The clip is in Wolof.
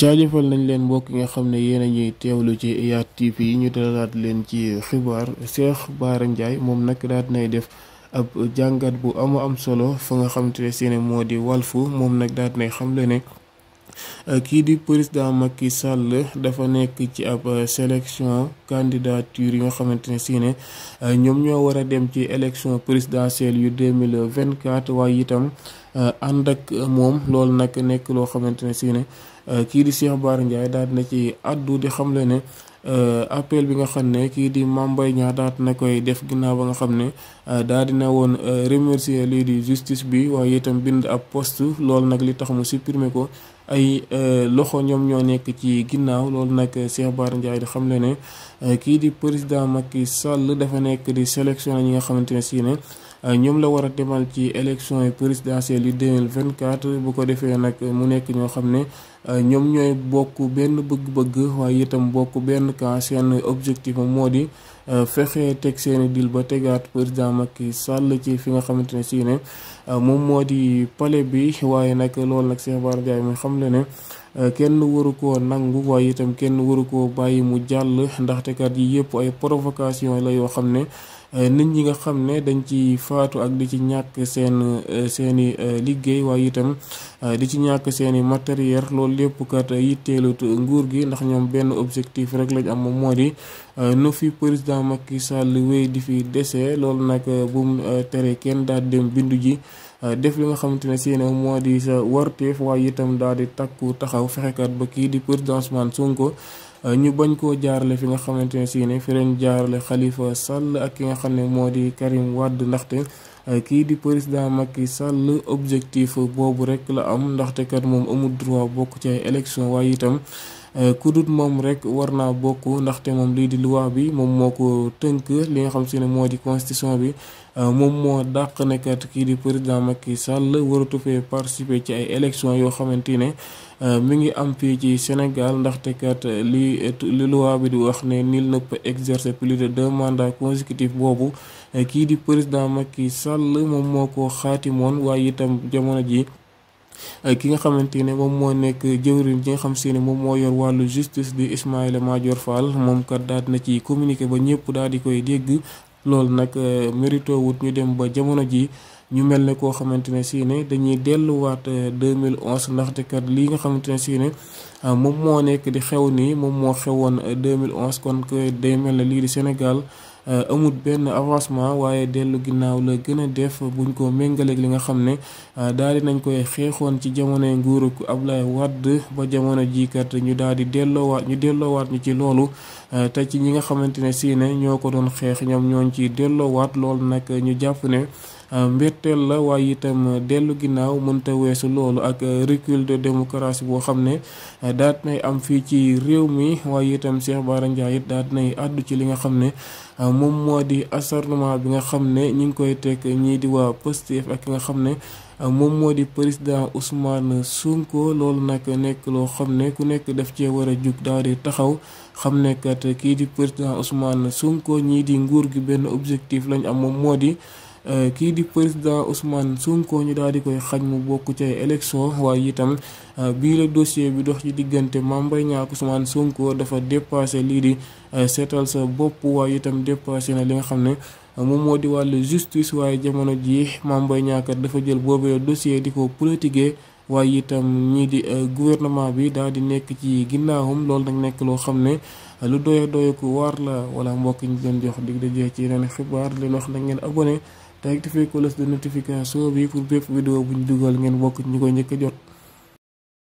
jaajëfal nañ leen mbokk yi nga xam ne yéen a ñuy teewlu ci IYAT TV yi ñu dalalaat leen ci xibaar Cheikh Bara Ndiaye moom nag daat nay def ab jàngat bu ama am solo fa nga xamante te seeni moo di Walfu moom nag daat nay xam le ne euh, kii di président ki Sall dafa nekk ci ab sélection candidature yi nga xamante ne si euh, ñoom ñoo war a dem ci élection présidentielle yu 2024 waaye itam euh, ànd ak moom loolu nag nekk loo xamante ne si Euh, kii di Cheikh baar Ndiaye daal dina ci addu di xamle ne euh, appel bi nga xam ne kii di Mame Mbaye Niang daal dina koy def ginnaaw ba nga xam ne euh, daal dina woon remercier lii di justice bi waaye itam bind ab poste lool nag li tax mu supprimer ko ay loxo ñoom ñoo nekk ci ginnaaw loolu nag Cheikh Bara Ndiaye di xamle ne kii di président Macky Sall dafa nekk di sélectionné ñi nga xamante ne si ne Euh, ñoom la war a demal ci élection présidentielle yi 2024 bu ko defee nag mu nekk ñoo xam ne euh, ñoom ñooy bokk benn bëgg-bëgg waaye itam bokk benn cas seen objectif moo di euh, fexe teg seeni dil ba tegaat président Macky Sall ci fi nga xamante ne si moom moo di palais bi waaye nag loolu nag Cheikh Bara Ndiaye mu xam le ne Euh, kenn waru ko nangu waaye itam kenn waru ko bàyyi mu jàll ndaxtekat yi yëpp ay provocation la yoo xam ne euh, nit ñi nga xam ne dañ ci faatu ak di ci ñàkk seen euh, seeni liggéey waaye itam di ci ñàkk seeni matériel loolu lépp kat yitteelut nguur gi ndax ñoom benn objectif rek lañ am moo di nu fi président Macky Sall wéy di fi dese loolu nag bum tere kenn daal dem bindu ji Euh, def li nga xamante ne si ne moo di sa warteef waaye itam daal di takku taxaw fexekat ba kii di président Ousmane Sonko euh, ñu bañ koo jaarale fi nga xamante ne si ne fi leen jaarale xalifa Sall ak ki nga xam ne moo di Karim Wade ndaxte euh, kii di président Macky Sall objectif boobu rek la am ndaxte kat moom amul droit bokk ci ay élection waaye itam Euh, ku dut moom rek war naa bokk ndaxte moom lii di loi bi moom moo ko tënk li nga xam si ne moo di constitution bi euh, moom moo dàq nekkat kii di président ki Sall waratu fee participer ci ay élections yoo xamante ne euh, mi ngi am fii ci Sénégal ndaxte kat li luwaa bi di wax ne nul ne peut exercer plus de deux mandats boobu kii di président mag Macky Sall moom moo ko xaati moon waaye itam jamono ji ki nga xamante ne moom moo nekk jëwriñ ji nga xam si ne moom moo yor wàllu justice bi Ismaïla Madior Fall moom kat daal na ci communiqué ba ñëpp daal di koy dégg loolu nag euh, mérito wut ñu dem ba jamono ji ñu mel ne koo xamante ne si dañuy delluwaat euh, mille 2011 ndaxte kat lii nga xamante ne si ne euh, moom moo nekk di xew nii moom moo xewoon 2011 kon que day mel ne lii di Sénégal Euh, amut benn avancement waaye dellu ginnaaw la gën a def buñ ko méngaleeg li nga xam ne euh, daal di nañ koy xeexoon ci jamonoy nguuruk Ablaye wadd ba jamono jiikat ñu daal di delloowaat ñu delloowaat ñu ci loolu euh, te ci ñi nga xamante ne si ne ñoo ko doon xeex ñoom ñooñ ci delloowaat loolu nag ñu jàpp ne Euh, mbeteel la waaye itam dellu ginnaaw mënta weesu loolu ak recul de démocratie boo xam ne euh, daat nay am fii ci réew mi waaye itam Cheikh Bara Ndiaye it daat nay àddu ci li nga xam ne euh, moom moo di acharnement bi nga xam ne ñi ngi koy teg ñii di waa Pastef ak nga xam ne moom moo di président Ousmane Sonko loolu nag nekk loo xam ne ku nekk daf cee war a jug daal di taxaw xam ne kat kii di président Ousmane Sonko ñii di nguur gi benn objectif lañ am moom moo di Euh, kii di président Ousmane Sonko ñu daal di koy xaj mu bokk ci élection waaye itam euh, bii la dossier bi dox ci diggante Mame Mbaye Niang ak Sonko dafa dépassé lii di euh, seetal sa bopp waaye itam dépassé na li nga xam ne moom moo di wàll justice waaye jamono jii Mame Mbaye Niang dafa jël boobee dossier di ko politiquer waaye itam ñii di gouvernement bi daal di nekk ci ginnaawam loolu nag nekk loo xam ne lu doye doye ku waar la wala mbokk ñu doon jox dig dajee ci yeneen xibaar leen wax na ngeen te activer cloche de notification bi pour bépp vidéo bu ñu dugal ngeen bokk ñu koy njëkk jot